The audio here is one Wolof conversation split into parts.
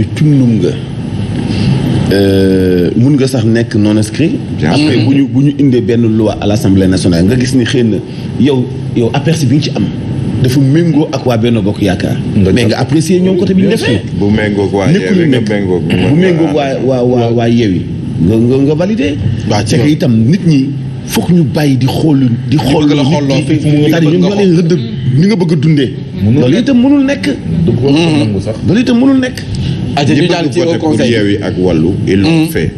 di tunnum nga euh, mun nga sax nekk non inscrit après bu ñu bu ñu indee benn loi à l' assemblée nationale nga gis ni xëy na yow yow aperçu bi nga ci am dafa méngoo ak waa benn bokk yaakaar. mais nga apprécier ñoom côté bi ñu defee. bu méngoog waa yeewi nga méngoog bu méngoog waa waa waa waa yeewi nga nga nga validé. waaw c'est que itam nit ñi foog ñu bàyyi di xool di xool. nit ñi fi mu ngi bëgg ñoo leen rëdd ni nga bëgg a dundee. loolu itam mënul nekk. loolu itam mënul nekk. aja ah, ñu daan ci au yi ak Wallu ils l'ont mm-hmm. fait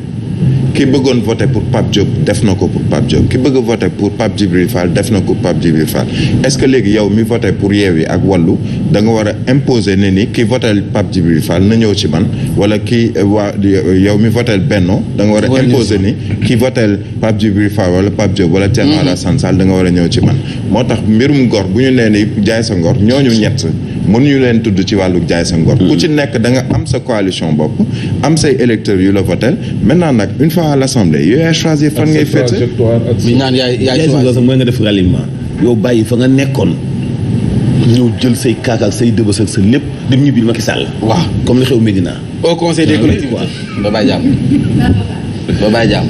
ki bëggoon voté pour Pape Diop def na ko pour Pape Diop ki bëgg voté pour Pape Djibril Fall def na ko Pape Djibril Fall est-ce que léegi yow mi voté pour Yewwi ak Wallu da war a imposer ne ni ki voté Pape Djibril Fall na ñëw ci man wala ki eh, waa yow mi voté Benno da nga war a imposer ni ki voté Pape Djibril Fall wala Pape wala Thierno mm-hmm. Alassane Sall da nga war a ñëw ci man moo tax mbirum gor bu ñu nee ni jaay sa ngor ñooñu ñett mënuñu leen tudd ci wàllu jaay sa ngor ku ci hmm. nekk danga am sa coalition bopp am say électeurs yu la votel maintenant nag une fois à l'assemblée yooyu yaay choisir fan ngay féete bi naan yaay yaay sa mooy nga def ralliement yow bàyyi fa nga nekkoon ñëw jël say kaak ak say dëbës ak sa lépp dem ñibbi Macky Sall waaw comme li xew Médina au conseil des collectivités ba bàyyi jàmm ba bàyyi jàmm.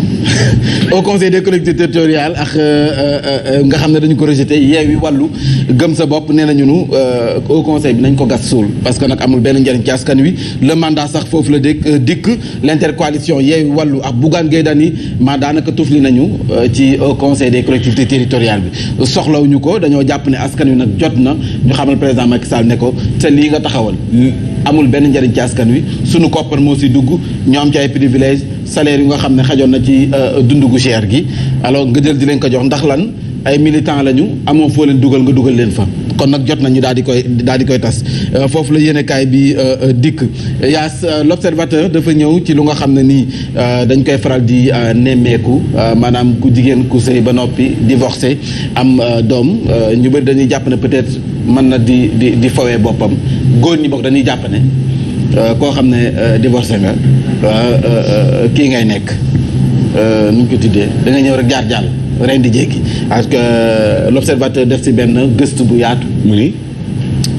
au conseil des collectivités territoriales ak euh, euh, euh, nga xam ne dañu ko rejeté Yewwi Wallu gëm sa bopp nee nañu nu au conseil bi nañ ko gas suul parce que nag amul benn njëriñ ci askan wi le mandat sax foofu la dégg dikk l' intercoalition Yewwi Wallu ak Bougane Gueye Dany maa daanaka tufli nañu ci au des collectivités territoriales bi soxlawuñu ko dañoo jàpp ne askan wi nag jot na ñu xamal président Macky Sall ne ko te lii nga taxawal amul benn njëriñ ci wi sunu koppar moo si dugg ñoo am ci ay privilège salaire yu nga xam ne xajoon na ci euh, dund gu cher gi alors nga jël di leen ko jox ndax lan ay militant lañu amoo foo leen dugal nga dugal leen fa kon nag jot nañu daal di koy di koy tas euh, foofu la yéenekaay bi euh, dikk yaa l'observateur dafa ñëw ci lu nga xam ne nii dañ koy faral di nemmeeku maanaam ku jigéen ku sëy ba noppi divorcé am doom ñu bëri dañuy jàpp ne peut-être mën na di di di fowee boppam góor ñi bokk dañuy jàpp koo xam ne divorcé nga Euh, euh, kii ngay nekk euh, nu ñu ko tuddee da nga ñëw rek jaar jàll ren di jéggi parce que l' def si benn gëstu bu yaatu mu ni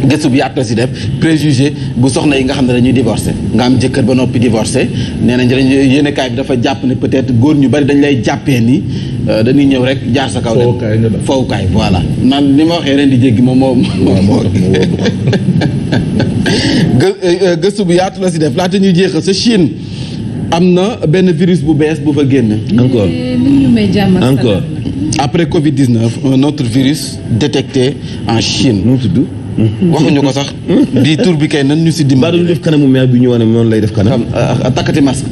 gëstu bu yaatu la si def préjugé bu soxna yi nga xam ne dañuy divorcé nga am jëkkër ba noppi divorcé nee nañ dañ kaay bi dafa jàpp ne peut-être góor ñu bari dañ lay jàppee ni dañuy ñëw rek jaar sa kaw dem fowukaay voilà naan li ma waxee ren di jéggi moom moom moo gëstu bu yaatu la si def laata ñuy jéexal sa Chine am na benn virus bu bees bu fa génn. encore eh, encore. après Covid 19 un autre virus détecté en Chine. nu mu tudd. waxuñu ko sax. di tur bi kay nan ñu si dimbali. baalu def kanamu meer bi ñu wane noonu lay def kanam. Ah, takkati masque.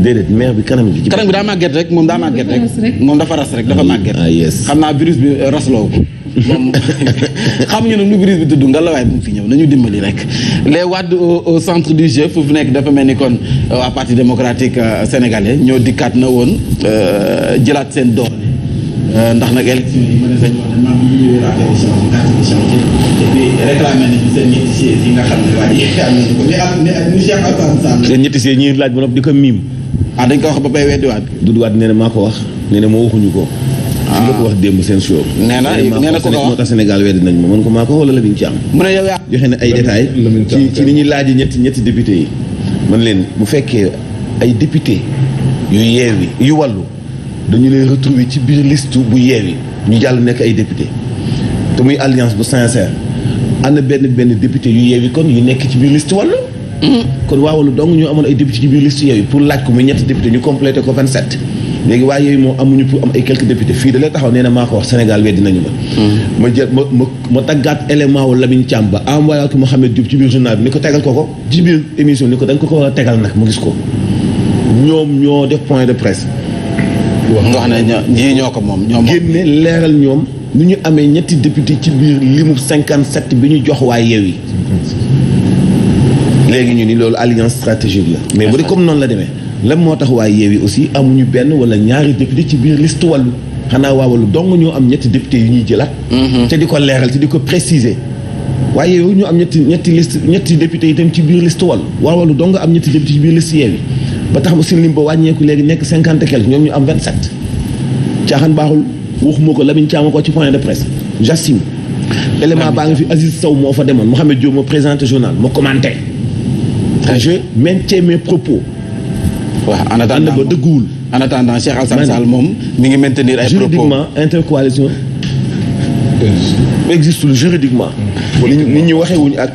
déedéet meer bi kanam bi. kanam bi daa màgget rek moom daa màgget rek. moom dafa ras rek dafa ah, màgget. ah yes xam naa virus bi rasloo ko. moom xam ñu ne nu brise bi tudd nga la waaye fi ñëw nañu dimbali rek les Wade au centre du jeu fu nekk dafa mel ni kon euh, waa parti démocratique euh, sénégalais ñoo dikkaat na woon euh, jëlaat seen doole ndax nag élection seen ñetti siège nga xam ne seen ñetti siège ñuy laaj ba noppi di ko miim ah dañ ko wax ba pay weddiwaat Doudou Wade nee na maa ko wax nee ne moo waxuñu ko fi nga ko wax démb seen show. nee na nee na ko moo tax Sénégal weddi nañ ma man ko maa ko wala la ñu ci am. mu ne yow yaa joxe na ay ci ni ñuy laaj ñetti ñetti député yi. man leen bu fekkee ay député yu yeewi yu wàllu dañu leen retrouver ci biir liste bu yeewi ñu jàll nekk ay député te muy alliance bu sincère am na benn benn député yu yeewi kon yu nekk ci biir liste wàllu. Mm-hmm. kon waa wàllu dong ñu amoon ay député ci biir liste yeewi pour laaj ko muy ñetti député ñu complété léegi waaye yooyu moom amuñu pour am ay quelques députés fii da lay taxaw nee na maa ko wax Sénégal weddi nañu ma hmm. ma jël ma ma ma taggaat élément wu Lamine Thiam ba envoyé ko Mouhamed Diop ci biir journal bi ni ko tegal ko ko ci biir émission ni ko da ko ko war a tegal nag mu gis ko ñoom ñoo def point de presse wax nga xam ne ñoo ko moom ñoom génne leeral ñoom nu ñu amee ñetti député ci biir limu cinquante sept bi ñu jox waa yeew yi hmm. léegi ñu ni loolu alliance stratégique la mais bu comme noonu la demee lan moo tax waaye yi aussi amuñu benn wala ñaari député ci biir liste wàllu xanaa waawalu dong ñoo am ñetti député yu ñuy jëlaat mhm. te di ko leeral te di ko préciser waaye yow ñu am ñetti ñetti liste ñetti député yi dem ci biir liste wàllu waawalu dong am ñetti député ci biir liste yeewi ba tax aussi lim ba wàññeeku léegi nekk cinquante quelque ñoom ñu am vingt sept caaxaan baaxul waxuma ko Lamine Thiam ko ci point de presse j'assume élément baa ngi fi Aziz Sow moo fa demoon Mouhamed Diop moo présenté journal moo commenté je maintiens mes propos waaw en attendant ànd ba dëgguwul. en attendant Cheikh Alassane Sall moom mi ngi maintenir ay propos intercoalition euh, existul juridiquement. nit ñu waxee wuñ ak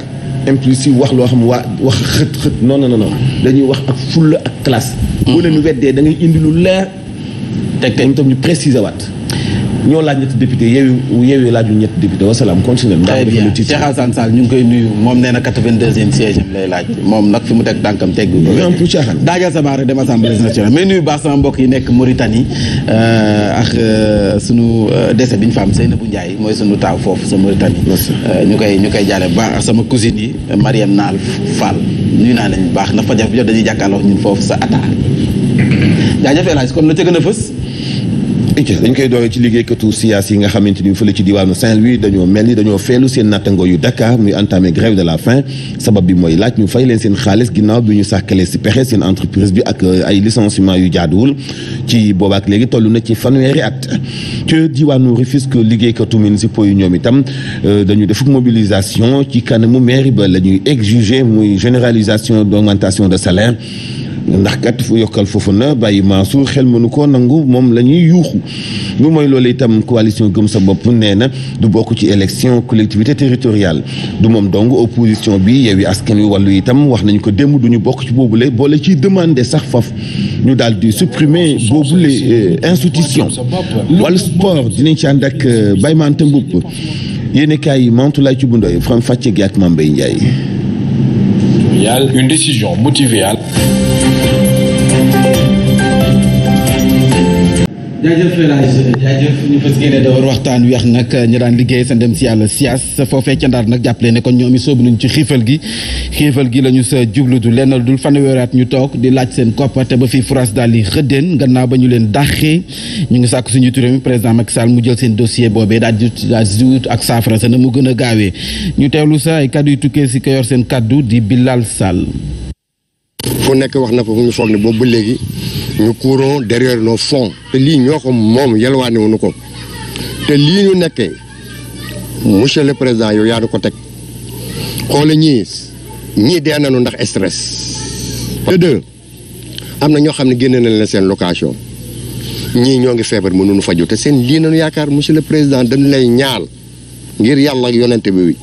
impulsive wax loo xam waa wax xët xët non non non dañuy wax ak fulla ak classe. boo mm. leen weddee da ngay indi lu leer. teg te itam ñu préciser waat. ñoo laaj ñetti député yeewu yeewu laaju ñetti député wasalaam continué. très bien Cheikh Assane Sall ñu ngi koy nuyu moom nee na 82e siège am lay laaj moom nag fi mu teg tànkam teg. am pour caaxaan daajal sa euh, euh, euh, bi ñu fa am Seynabou Ndiaye mooy sunu taaw foofu sa Mauritanie. ñu koy ñu koy jaale baax ak sama cousine yi Mariam Naal Fall nuyu naa leen bu baax na fa jaf bi jot dañuy jàkkaarloo ñun foofu sa attaar jaajëf El Hadj kon la ca gën a fës. icë dañ koy dooree ci liggéeykatu siyaas yi nga xamante ni fële ci diwaanu Saint-Louis dañoo mel ni dañoo feelu seen nattango yu Dakar muy entamé grève de la faim sabab bi mooy laaj ñu fay leen seen xaalis ginnaaw bi ñu sàkkalee si pexe seen entreprise bi ak euh, ay licenciement yu jaaduwul ci boobaak léegi toll na ci fanweeri at ci diwaanu Rufisque liggéeykatu municipaux yi ñoom itam euh, dañu def mobilisation ci kanamu mairie ba la ñuy exiger muy généralisation d' de salaire ndax kat fu yokkal foofu na bàyyi Mansour xel mënu koo nangu moom la ñuy yuuxu lu mooy loolu itam coalition gëm sa bopp nee na du bokk ci élection collectivité territoriale du moom dong opposition bi Yewwi Askan Wi wàllu itam wax nañu ko démb du ñu bokk ci boobu boobule boole ciy demandé sax faf ñu dal di supprimer boobule euh, institution wàllu sport dinañ ci ànd bay euh, Baye Mante Mboup yéen kaay yi Mantoulaye Thioub Ndoye faram fàcce gi ak Mame Mbaye Ndiaye. une décision motivée jaajëf Elage jaajëf waxtaan wi nag ñu daan liggéey sa ndem si yàlla siyaas foofee ca Ndar nag jàppale ne kon ñoom i soobu nañu ci xiifal gi xiifal gi la ñu sa jublu du lenn dul fanweeraat ñu toog di laaj seen koppa te ba fii France daal di xëddéen gannaaw ba ñu leen dàqee ñu ngi sàkk suñu turam président Macky Sall mu jël seen dossier boobee daal di daal di ak saafara sa mu gën a gaawee ñu teewlu sa ay kaddu yu tukkee si ka yor seen kàddu di Bilal Sall. fu nekk wax na fa fu ñu foog ne boobu ba léegi ñu courons derrière nos fonds te lii ñoo ko moom yelwaane wuñu ko te lii ñu nekkee monsieur le président yow yaa nu ko teg xoole ñii ñii dee nañu ndax stress te deux am na ñoo xam ne génne nañ leen seen location ñii ñoo ngi feebar mënuñu faju te seen lii nañu yaakaar monsieur le président dañu lay ñaal ngir yàlla ak yonente bi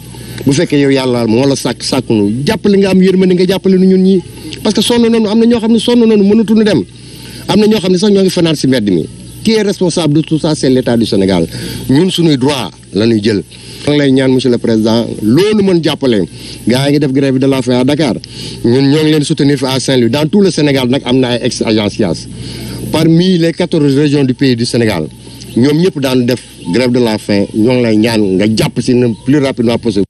bu fekkee yow yàlla moo la sàkk sàkkunu jàppale nga am yërmande nga jàppale nu ñun ñii parce que sonn nañu am na ñoo xam ne sonn nañu mënatuñu dem am na ñoo xam ne sax ñoo ngi fanaan si mbedd mi qui est responsable de tout ça c' est du Sénégal ñun suñuy droit la ñuy jël. maa ngi lay ñaan monsieur le président loolu mën jàppale gars yi ngi def grève de la faim à Dakar ñun ñoo ngi leen soutenir fi à Saint-Louis dans tout le Sénégal nag am na ay ex agencias parmi les quatorze régions du pays du Sénégal ñoom ñëpp daan def grève de la fin ñoo ngi lay ñaan nga jàpp si le plus rapidement possible.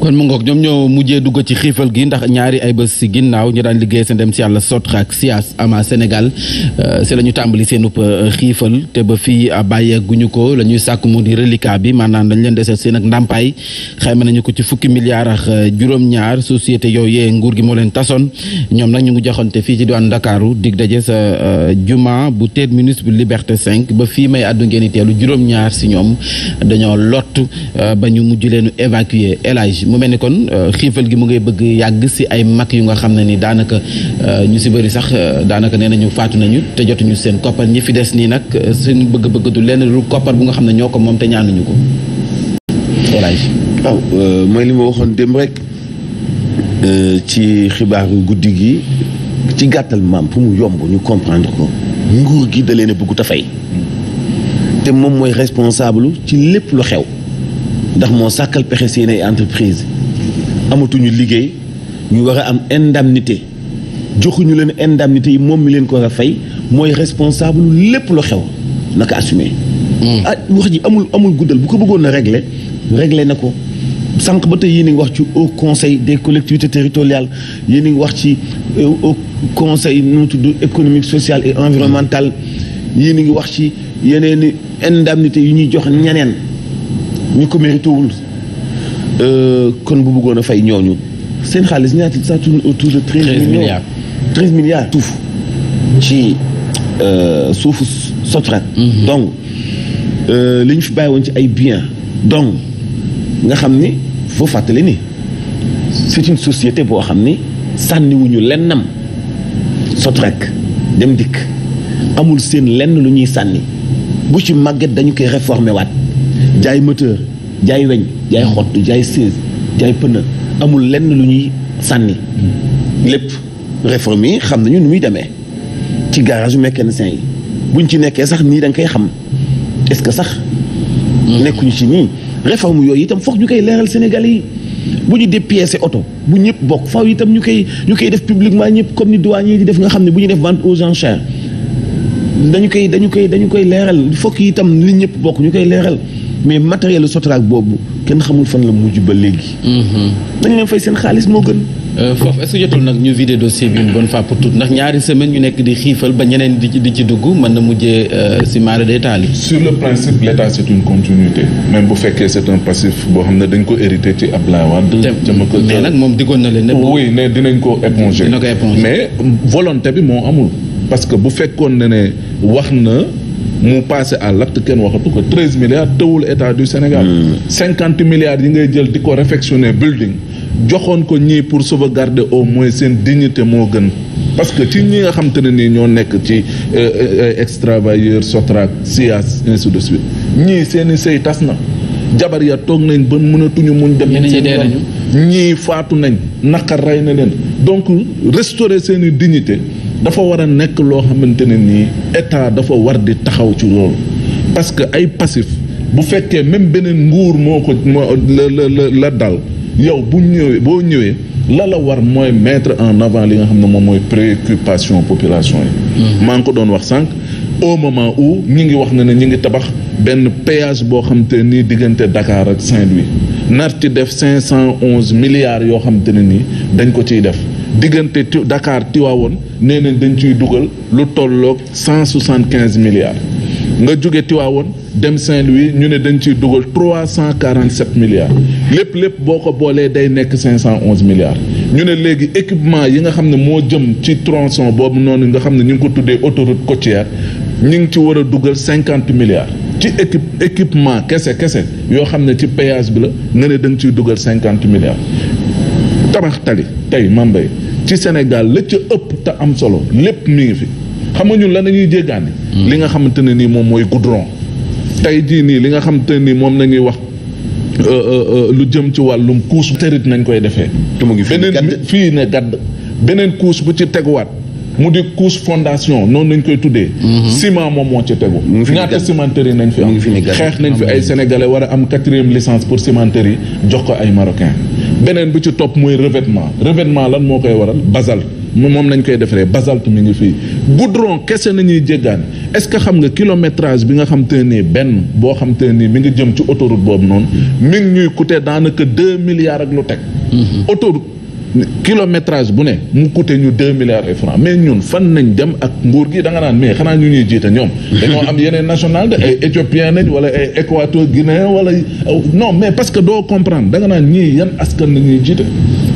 kon mu ngoog ñoom ñoo mujjee duggo ci xiifal gi ndax ñaari ay bés si ginnaaw ñu daan liggéey seen dem si yàlla sotra ak sias ama Sénégal se euh, la ñu tàmbali seen upp euh, xiifal te ba fii euh, bàyyeeguñu ko lañuy sàkk mu di reliquat bi maanaam dañ leen desee seen ak ndàmpaay xayma nañu ko ci fukki milliards ak juróom-ñaar société yooyee nguur gi moo leen tasoon ñoom nag ñu ngi joxante fii ci diwaan Ndakaaru dig daje sa juma bu teet ministre bu Liberté 5 ba fii may addu ngeen teelu juróom si ñoom dañoo lott ba ñu mujj leenu évacuer âge mu mel ni kon euh, xiifal gi mu ngay bëgg yàgg si ay mag yu nga xam ne ni daanaka euh, ñu si bëri sax euh, daanaka nee nañu faatu nañu te jotuñu seen koppar ñi fi des nii nag seen bëgg-bëgg du leen lu koppar bu nga xam ne ñoo ko moom te ñaanuñu ko. waaw mooy li ma waxoon démb rek ci xibaaru guddi gi ci gàttal maam pour mu yomb ñu comprendre ko nguur gi da leen a bëggut a fay hmm. te moom mooy responsable ci lépp lu xew. ndax moo sàkkal pexe seen ay entreprise amatuñu liggéey ñu war a am indemnité joxuñu leen indemnité yi moom mi leen ko war a fay mooy responsable lépp lu xew naka assumé hmm. ah wax ji amul amul guddal bu ko bëggoon na régle régler na ko sànq ba tey yéen a ngi wax ci au conseil des collectivités territoriales yéen a ngi wax ci euh, au conseil nu mu tudd économique sociale et environnementale yéen a ngi wax ci yeneen indemnité yu ñuy jox ñeneen ñu ko méritéwul euh, kon bu bëggoon a fay ñooñu seen xaalis ñaata ça tourne autour de treize milliards treize milliards tuuf ci euh, suufu Sotrac mhm. donc euh, li ñu fi bàyyi woon ci ay biens donc nga xam ni foo fàttali ni c'est une société boo xam ni sànniwuñu lennam Sotrac dem dikk amul seen lenn lu ñuy sànni bu ci màgget dañu koy réformer waat jaay moteur jaay weñ jaay xott jaay siège jaay pneu amul lenn lu ñuy sànni lépp réforme yi xam nañu nu muy demee ci garage mécanicien yi buñ ci nekkee sax nii da koy xam est-ce que sax nekkuñu ci nii réforme yooyu itam foog ñu koy leeral Sénégalais yi bu ñu dépiécé oto bu ñëpp bokk faaw itam ñu koy ñu koy def publiquement ñëpp comme ni douane yi di def nga xam ne bu ñu def vente aux enchères dañu koy dañu koy dañu koy leeral fokk itam li ñëpp bokk ñu koy leeral mais matériel Sotrac boobu kenn xamul fan la mujj ba léegi. nañ mhm. leen fay seen xaalis moo gën. Euh, foofu est-ce nag ñu vider dossier bi une bonne fois pour toutes ndax ñaari semaine ñu nekk di xiifal ba ñeneen di ci di ci dugg mën na mujjee euh, si mara détail yi. sur le principe l'État c'est une continuité même bu fekkee c'est passif boo xam ne dañ ko hérité ci Abdoulaye Wade. jëmm ko mais nag moom diggoon na leen ne. oui ne dinañ ko éponger. dina ko éponger mais volonté bi moo amul. parce que bu fekkoon ne ne wax na. mu passé à l'acte kenn waxatu ko treize milliards tëwul état du Sénégal hmm. cinquante milliards yi ngay jël di ko réfectionner building joxoon ko ñii pour sauvegarder au moins seen dignité moo gën parce que ci ñi nga xam te ne nii ñoo nekk ci euh, euh, euh, ex-travailleurs Sotrac SIAS ainsi de suite ñii seeni i sëy tas na jabar ya toog nañ ba mënatuñu muñ dem ñii faatu nañ naqar rey na leen donc restaurer seen i dignité dafa war a nekk loo xamante ne nii état dafa war di taxaw ci loolu parce que ay passif bu fekkee même beneen nguur moo ko la la la dal yow bu ñëwee boo ñëwee la la war mooy mettre en navant li nga xam ne moom mooy préoccupation population yi. Mm-hmm. maa ngi ko doon wax sànq au moment où ñi ngi wax ne ne ñu ngi tabax benn péage boo xam te nii diggante dakaar ak Saint-Louis nar ci def cinq cent onze milliards yoo xam te ne nii dañ ko ciy def. diggante Dakar Tiwaawoon nee nañ dañ ciy dugal lu tolloog cent soixante quinze milliards nga jóge Tiwaawoon dem Saint-Louis ñu ne dañ ciy dugal trois cent quarante sept milliards lépp lépp boo ko boolee day nekk cinq cent onze milliards ñu ne léegi équipement yi nga xam ne moo jëm ci tronçon boobu noonu nga xam ne ñu ngi ko tuddee autoroute côtière ñu ngi ci war a dugal cinquante milliards ci équipe équipement kese kese yoo xam ne ci péage bi la nga ne da ciy dugal cinquante milliards tabax tali tey Mambay ci Sénégal la ëpp te am solo lépp mu ngi fi xam nga ñun la nañuy jéggaani mm. li nga xamante ne nii moom mooy goudron tey jii nii li nga xamante ne nii moom nañuy wax euh, euh, euh, lu jëm ci wàllum couche terite nañ koy defee beneen fii ne gadd beneen couche bu ci teguwaat mu di couche fondation noonu nañ koy tuddee mm-hmm. ciment moom moo ci tegu ñaata cimenterie nañ fi am xeex nañ fi ay sénégalais war a am quatrième licence pour cimenterie jox ko ay marocain beneen bi ci topp mooy revêtement revêtement lan moo koy waral basalte moom nañ koy defaree basalte mi ngi fii goudron kese nañuy jéggaan est-ce que xam nga kilométrage bi nga xam te nii benn boo xam te nii mi ngi jëm ci autoroute boobu noonu mi ngi ñuy coûter daanaka deux milliards ak lu teg mm-hmm. autoroute kilométrage bu ne mu coûté ñu deux milliards et francs mais ñun fan nañ dem ak nguur gi da nga mais xanaa ñu ñuy jiita ñoom ñoo am yeneen national de ay éthiopien nañ wala ay équateur guinéen wala non mais parce que doo comprendre da nga naan ñii yan askan la ñuy jiite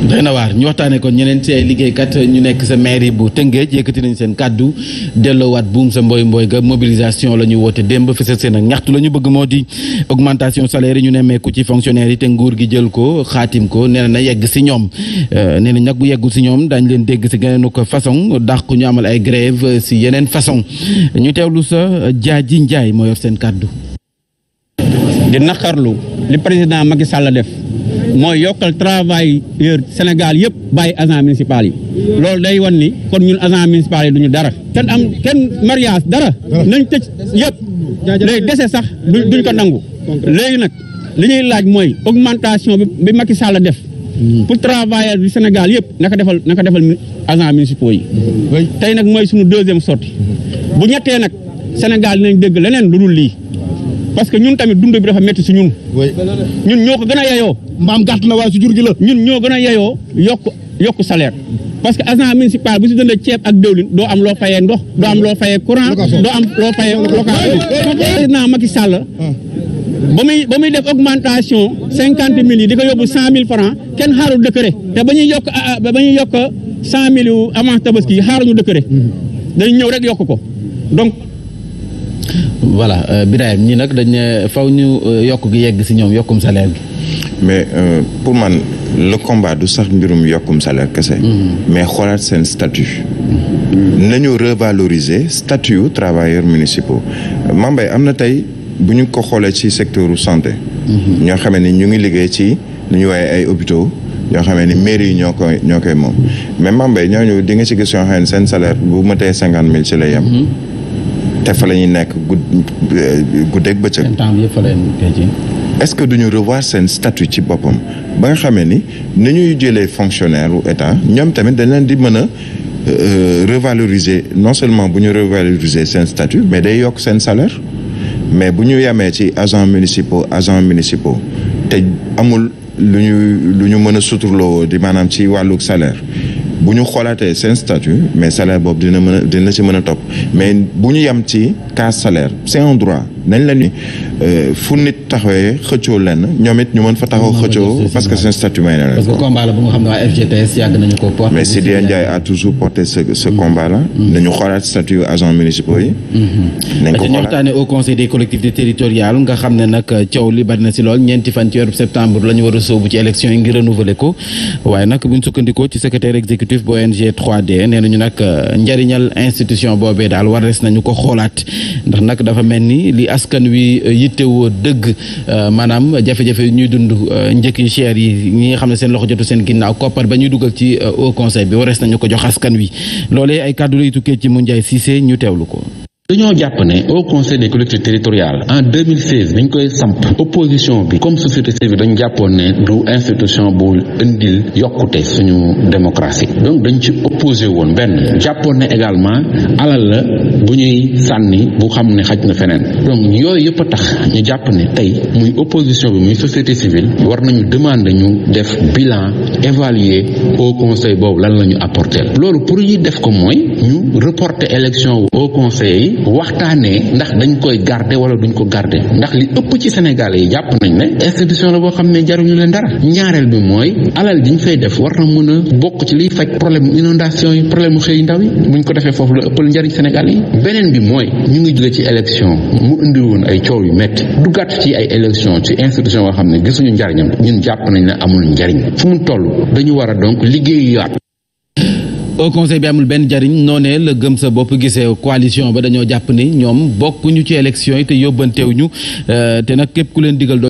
doy na waar ñu waxtaanee kon ñeneen ci ay liggéeykat ñu nekk sa mairie bu Tëngéej yëkkati nañ seen kàddu delloowaat buum sa mbooy mbooy ga mobilisation la ñu woote démb fësal seen ak ñaxtu la ñu bëgg moo di augmentation salaire yi ñu nemmeeku ci fonctionnaire yi te nguur gi jël ko xaatim ko nee na yegg si ñoom euh, nee na nag bu yeggul si ñoom daañ leen dégg si geneen ko façon dàq ñu amal ay grève euh, si yeneen façon ñu teewlu sa euh, ji Njaay moo yor seen kàddu di naqarlu li président Macky Sall def mooy yokkal travailleur Sénégal yëpp bàyyi agent municipal yi loolu day wan ni kon ñun agent municipal yi duñu dara kenn am kenn mariage dara nañ tëj yëpp lay dese sax duñ ko nangu léegi nag li ñuy laaj mooy augmentation bi Macky Sall def hmm. pour travailleurs du Sénégal yëpp naka defal naka defal agent municipaux yi hmm. tey nag mooy suñu deuxième sortie hmm. bu ñettee nag Sénégal dinañ dégg leneen lu dul lii parce que ñun tamit dund bi dafa métti si ñun. ñun ñoo ko gën a yeyoo. mbaam gàtt na waaye si jur gi la. ñun ñoo gën a yeyoo yokk yokk salaire. parce que agent si municipal bu si dëndee ceeb ak déwlin doo am loo fayee ndox doo am loo fayee courant doo am loo fayee location. président Macky Sall. Ah. ba muy ba muy def augmentation cinquante mille yi di ko yóbbu cent mille franc kenn xaarul décret te ba ñu yokk ah, ba ñuy yokk cent mille yu avance tabaski yi ñu décret mm-hmm. dañu ñëw rek yokk ko voilà euh, ñii nag dañ ne faw ñu euh, yokk gi yegg si ñoom yokkum salaire gi mais euh, pour man le combat du sax mbirum yokkum salaire kese mm-hmm. mais xoolaat seen statut mm-hmm. nañu revaloriser statut travailleurs municipaux mambay am na tey bu ñu ko xoolee ci secteur santé mm-hmm. ñoo xamee ni ñu ngi liggéey ci lu ñu waaye ay hôpitaux ñoo xamee ni mairie yi ñoo koy ñoo koy moom mais ñoo ñooñu di nga ci gis yoo xam ne seen salaire bu mëtee cinquante mille ci lay yem te fa la ñuy nekk gudd euh, guddeeg bëccëg. seen temps bi yëpp fa est-ce que duñu revoir seen statut ci boppam ba nga xamee ni ni ñuy jëlee fonctionnaire wu état ñoom tamit dañ leen di mën a euh, revaloriser non seulement bu ñu revaloriser seen statut mais day yokk seen salaire mais bu ñu yemee ci agent municipaux agent municipaux te amul lu ñu lu ñu mën a suturloo di maanaam ci wàllu salaire. bu ñu xoolaatee seen statut mais salaire boobu dina mën a dina ci mën a topp mais bu ñu yem ci cas salaire c'est un droit nañ la ni Euh, fu nit taxawee xëccoo lenn ñoom it ñu mën fa taxaw xëccoo parce que c'est un statut may na parce que combat la bu nga xam ne waa FGTS yàgg nañu ko porter mais Sidi Ndiaye a toujours porté ce ce mm-hmm. combat là mm-hmm. nañu xoolaat statut agent municipaux yi mm-hmm. nañ ko xoolaat ñoo taane au conseil des nag coow li ci a sóobu ci élection yi ngir renouveler ko waaye nag buñ sukkandikoo ci secrétaire exécutif bu ONG 3D nee nañu nag euh, njëriñal institution boobee daal war res nañu ko xoolaat ndax nag dafa mel ni li askan wi euh, yittewoo dëgg euh, maanaam jafe-jafe ñuy dund euh, njëkk yu cher yi ñi nga xam ne seen loxo jotu seen ginnaaw koppar ba ñuy dugal ci euh, au conseil bi warees nañu ko jox askan wi loolee ay kàddu lay tukkee ci Moundiaye Cissé ñu teewlu ko dañoo jàpp ne au conseil des collectivités territoriales en 2016 biñ koy samp opposition bi comme société civile dañu jàppoon ne du institution bu indil yokkute suñu démocratie donc dañ ci opposé woon benn jàppoon ne également alal la bu ñuy sànni bu xam ne xaj na feneen donc yooyu yëpp a tax ñu jàpp ne tey muy opposition bi muy société civile war nañu demande ñu def bilan évaluer au conseil boobu lan la ñu apporter loolu pour ñu def ko mooy ñu reporter élection au conseil yi waxtaanee ndax dañ koy garder wala duñ ko garder ndax li ëpp ci Sénégal yi jàpp nañ ne institution la boo xam ne jaruñu leen dara ñaareel bi mooy alal ji ñu fay def war na mën a bokk ci liy faj problème inondation yi problème mu xëy ndaw yi buñ ko defee foofu la ëppal njariñ Sénégal yi beneen bi mooy ñu ngi jóge ci élection mu indi woon ay coow yu métti duggaat ci ay élection ci institution yoo xam ne gisuñu njariñam ñun jàpp nañ ne amul njariñ fu mu dañu war a donc au conseil bi amul benn jariñ noonee la gëm sa bopp gisee coalition ba dañoo jàpp ni ñoom bokkuñu ci élection yi te yóbbanteewuñu euh, te nag képp ku leen digal